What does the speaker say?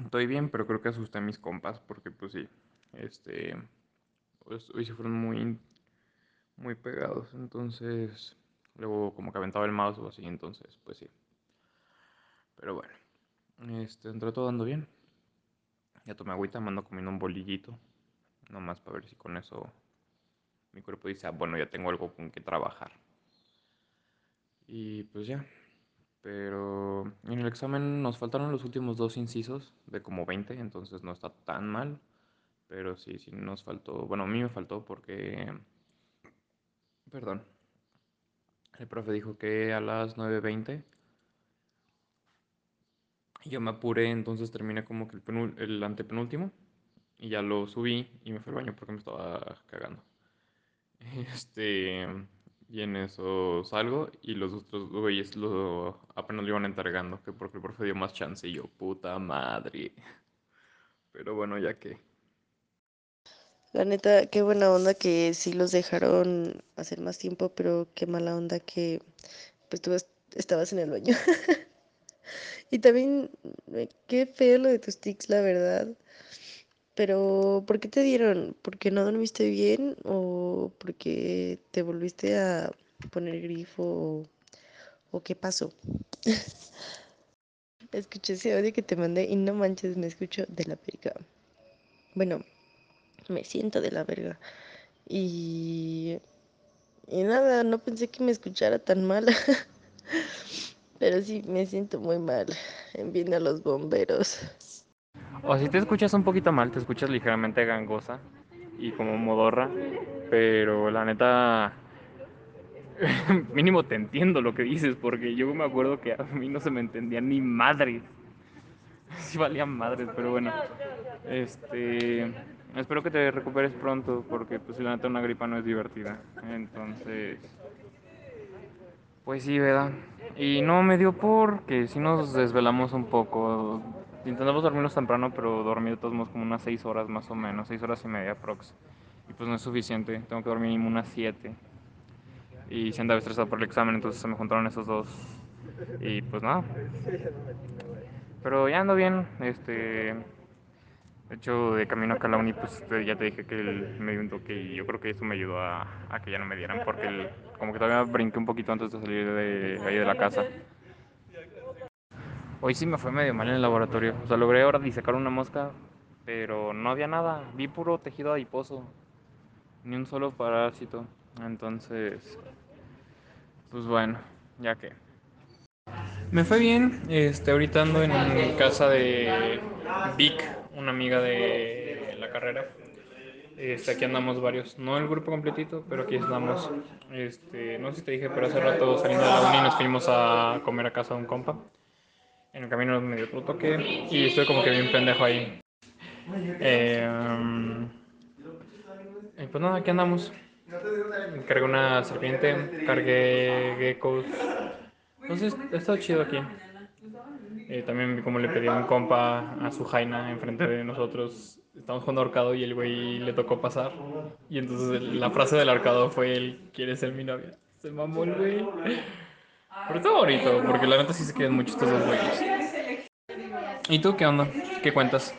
estoy bien, pero creo que asusté a mis compas porque pues sí, este, pues, hoy se fueron muy, muy pegados, entonces, luego como que aventaba el mouse o así, entonces, pues sí. Pero bueno, este, entró todo dando bien. Ya tomé agüita, me comiendo un bolillito, nomás para ver si con eso mi cuerpo dice, ah, bueno, ya tengo algo con que trabajar. Y pues ya, pero en el examen nos faltaron los últimos dos incisos de como 20, entonces no está tan mal. Pero sí, sí nos faltó. Bueno, a mí me faltó porque. Perdón. El profe dijo que a las 9.20. Yo me apuré, entonces terminé como que el, el antepenúltimo. Y ya lo subí y me fui al baño porque me estaba cagando. Este. Y en eso salgo y los otros güeyes lo, apenas lo iban entregando, que porque el dio más chance y yo, puta madre. Pero bueno, ya que. La neta, qué buena onda que sí los dejaron hacer más tiempo, pero qué mala onda que pues tú estabas en el baño. y también, eh, qué feo lo de tus tics, la verdad. Pero, ¿por qué te dieron? ¿Por qué no dormiste bien o porque te volviste a poner grifo o qué pasó? Escuché ese audio que te mandé y no manches, me escucho de la verga. Bueno, me siento de la verga. Y. nada, no pensé que me escuchara tan mal. Pero sí, me siento muy mal. Envíen a los bomberos. O si te escuchas un poquito mal, te escuchas ligeramente gangosa y como modorra, pero la neta mínimo te entiendo lo que dices, porque yo me acuerdo que a mí no se me entendía ni madre Si valían madres, pero bueno. Este, espero que te recuperes pronto, porque pues la neta una gripa no es divertida. Entonces, pues sí, ¿verdad? Y no me dio por que si nos desvelamos un poco intentamos dormirnos temprano, pero dormí de todos modos como unas 6 horas más o menos, 6 horas y media prox. Y pues no es suficiente, tengo que dormir mínimo unas 7. Y se andaba estresado por el examen, entonces se me juntaron esos dos. Y pues nada. Pero ya ando bien, este... De hecho, de camino acá a la uni, pues este, ya te dije que me dio un toque y yo creo que eso me ayudó a, que ya no me dieran, porque como que todavía brinqué un poquito antes de salir de ahí de la casa. Hoy sí me fue medio mal en el laboratorio. O sea, logré ahora disecar una mosca, pero no había nada. Vi puro tejido adiposo. Ni un solo parásito. Entonces, pues bueno, ya que. Me fue bien. Este, ahorita ando en casa de Vic, una amiga de la carrera. Este, aquí andamos varios, no el grupo completito, pero aquí estamos, Este, no sé si te dije, pero hace rato saliendo de la uni nos fuimos a comer a casa de un compa. En el camino me medio otro toque y estoy como que bien pendejo ahí. Eh, mm, pues nada, aquí andamos. Cargué una serpiente, cargué geckos. Entonces, ha estado chido aquí. Eh, también como le pedí a un compa a su jaina enfrente de nosotros. Estamos jugando ahorcado y el güey le tocó pasar. Y entonces la frase del ahorcado fue él, quiere ser mi novia? Se mamó el güey. Pero está bonito, porque la neta sí se quedan muchos estos dos ¿Y tú qué onda? ¿Qué cuentas?